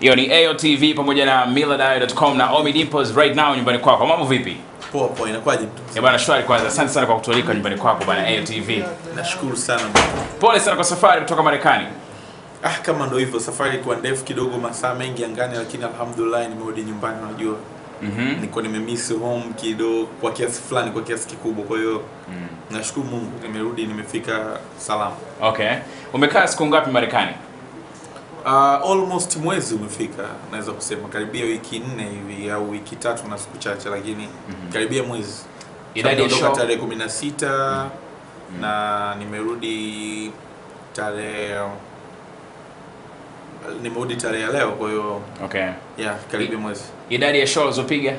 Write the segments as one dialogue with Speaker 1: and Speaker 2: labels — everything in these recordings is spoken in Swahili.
Speaker 1: hiyo ni AOTV pamoja na millardayo.com na Omi Dimples right now nyumbani kwako. Mambo vipi?
Speaker 2: Poa poa, inakwaje mtu?
Speaker 1: Eh bwana, shwari kwanza. Asante sana kwa kutualika nyumbani kwako bwana AOTV.
Speaker 2: Nashukuru sana.
Speaker 1: Pole sana kwa safari kutoka Marekani.
Speaker 2: Ah, kama ndio hivyo, safari ilikuwa ndefu kidogo, masaa mengi angani, lakini alhamdulillah nimerudi nyumbani, unajua mm -hmm. niko nimemiss home kidogo kwa kiasi fulani, kwa kiasi kikubwa. Kwa hiyo mm. nashukuru Mungu nimerudi, nimefika salama.
Speaker 1: Okay, umekaa siku ngapi Marekani?
Speaker 2: Uh, almost mwezi umefika, naweza kusema karibia wiki nne hivi au wiki tatu na siku chache, lakini mm -hmm. karibia mwezi. Niliondoka tarehe kumi na sita mm -hmm. na nimerudi tarehe nimerudi tarehe ya leo, kwa hiyo okay. yeah, karibia mwezi.
Speaker 1: Idadi ya show ulizopiga?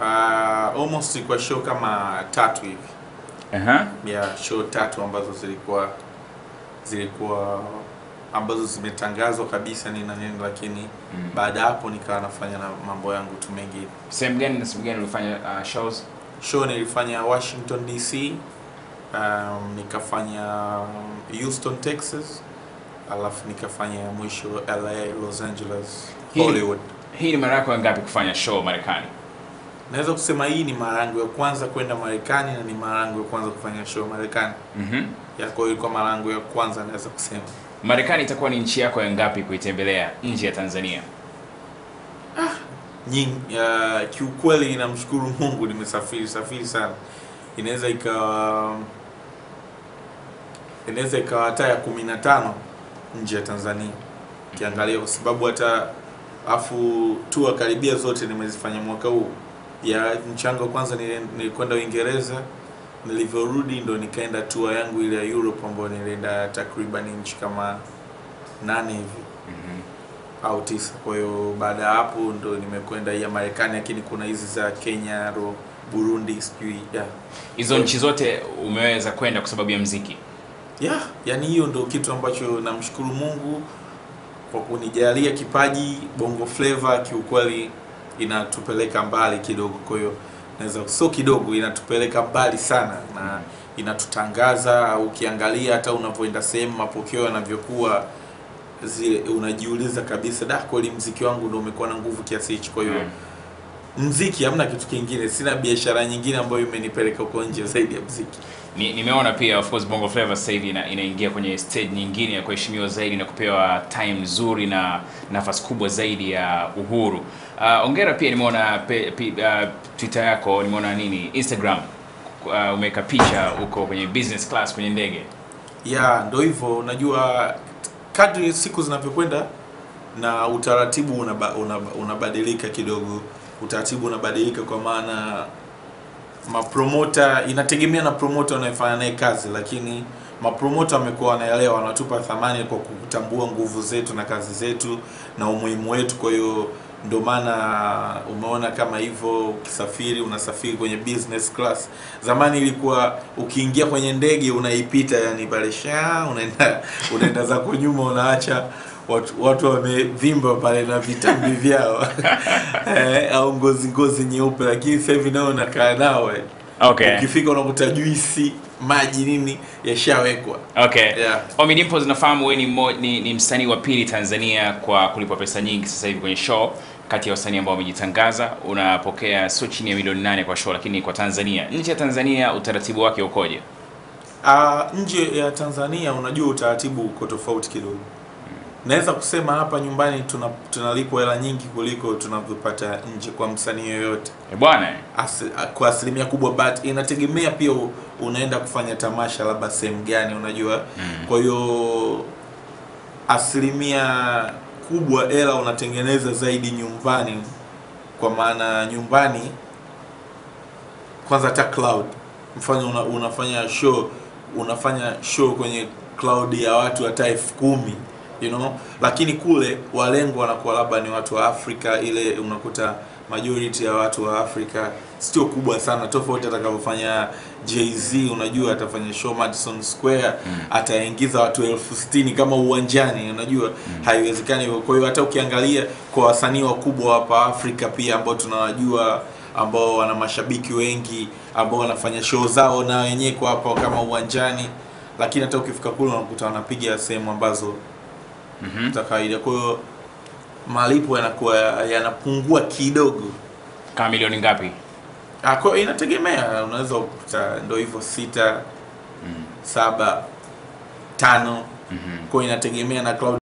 Speaker 2: Uh, almost kwa show kama tatu hivi. Uh -huh. Yeah, show tatu ambazo zilikuwa zilikuwa ambazo zimetangazwa kabisa ni na nini, lakini mm. baada hapo nikawa nafanya na mambo yangu tu mengine.
Speaker 1: Sehemu gani na sehemu gani ulifanya uh, shows?
Speaker 2: Show nilifanya Washington DC, um, nikafanya Houston Texas, alafu nikafanya mwisho LA, Los Angeles, hii, Hollywood.
Speaker 1: Hii ni mara yako ngapi kufanya show Marekani?
Speaker 2: Naweza kusema hii ni mara yangu ya kwanza kwenda Marekani na ni mara yangu ya kwanza kufanya show Marekani. Mhm. Mm -hmm. ya kwa hiyo ilikuwa mara yangu ya kwanza naweza kusema.
Speaker 1: Marekani itakuwa ni nchi yako ya ngapi kuitembelea nje ya Tanzania?
Speaker 2: Ah, nyingi, uh, kiukweli ninamshukuru Mungu nimesafiri safiri sana. Inaweza ikawa inaweza ikawa hata ya 15 nje ya Tanzania kiangalia, kwa sababu hata afu tour karibia zote nimezifanya mwaka huu. Ya mchango kwanza nilikwenda Uingereza nilivyorudi ndo nikaenda tour yangu ile ya Europe ambayo nilienda takriban nchi kama nane hivi mm -hmm. au tisa. Kwa hiyo baada ya hapo ndo nimekwenda ya Marekani, lakini kuna hizi za Kenya ro Burundi, sijui yeah.
Speaker 1: Hizo nchi zote umeweza kwenda kwa sababu ya mziki?
Speaker 2: Yeah, yani hiyo ndo kitu ambacho namshukuru Mungu kwa kunijalia kipaji. Bongo Flava kiukweli inatupeleka mbali kidogo, kwa hiyo naweza so kidogo, inatupeleka mbali sana na inatutangaza. Ukiangalia hata unavyoenda sehemu, mapokeo yanavyokuwa zile, unajiuliza kabisa, da, kweli mziki wangu ndio umekuwa na nguvu kiasi hichi? Kwa hiyo mm. mziki, hamna kitu kingine, sina biashara nyingine ambayo imenipeleka huko nje zaidi ya mziki.
Speaker 1: Ni, nimeona pia of course Bongo Flava sasa hivi ina, inaingia kwenye stage nyingine ya kuheshimiwa zaidi na kupewa time nzuri na nafasi kubwa zaidi ya uhuru. Uh, ongera pia nimeona pe, pe, uh, Twitter yako nimeona nini Instagram uh, umeweka picha huko kwenye business class kwenye ndege.
Speaker 2: Yeah, ndio hivyo. Unajua kadri siku zinavyokwenda na utaratibu unabadilika una, una kidogo. Utaratibu unabadilika kwa maana mapromota, inategemea na promota unayefanya naye kazi, lakini mapromota wamekuwa wanaelewa, wanatupa thamani kwa kutambua nguvu zetu na kazi zetu na umuhimu wetu, kwa hiyo ndio maana umeona kama hivyo, ukisafiri unasafiri kwenye business class. Zamani ilikuwa ukiingia kwenye ndege unaipita, yani pale sha unaenda unaenda zako nyuma, unaacha watu, watu wamevimba pale na vitambi vyao eh, au ngozi ngozi nyeupe, lakini sasa hivi nao unakaa nawe eh. okay. Ukifika unakuta juisi maji nini yashawekwa. Okay. Yeah.
Speaker 1: omi dimples nafahamu wewe ni, ni, ni msanii wa pili Tanzania kwa kulipwa pesa nyingi sasa hivi kwenye show kati ya wasanii ambao wamejitangaza unapokea sio chini ya milioni nane kwa show, lakini kwa Tanzania, nje ya Tanzania utaratibu wake ukoje?
Speaker 2: Uh, ah, nje ya Tanzania unajua utaratibu uko tofauti kidogo naweza kusema hapa nyumbani tunalipwa tuna hela nyingi kuliko tunavyopata nje kwa msanii yoyote eh, bwana As, kwa asilimia kubwa, but inategemea pia unaenda kufanya tamasha labda sehemu gani, unajua mm. kwa hiyo asilimia kubwa hela unatengeneza zaidi nyumbani, kwa maana nyumbani kwanza, hata cloud mfano una, unafanya show unafanya show kwenye cloud ya watu hata elfu kumi you know, lakini kule walengo wanakuwa labda ni watu wa Afrika, ile unakuta majority ya watu wa Afrika sio kubwa sana tofauti. Atakavyofanya Jay-Z, unajua atafanya show Madison Square mm. ataingiza watu elfu sitini kama uwanjani, unajua mm. haiwezekani hivyo. Kwa hiyo hata ukiangalia kwa wasanii wakubwa hapa Afrika pia ambao tunawajua ambao wana mashabiki wengi ambao wanafanya show zao na wenyewe kwa hapa kama uwanjani, lakini hata ukifika kule unakuta wanapiga sehemu ambazo mm -hmm. za kawaida. Kwa hiyo malipo yanakuwa yanapungua kidogo.
Speaker 1: Kama milioni ngapi?
Speaker 2: Ah, kwa inategemea, unaweza kukuta ndio hivyo sita mm. saba tano mm -hmm. kwa inategemea na cloud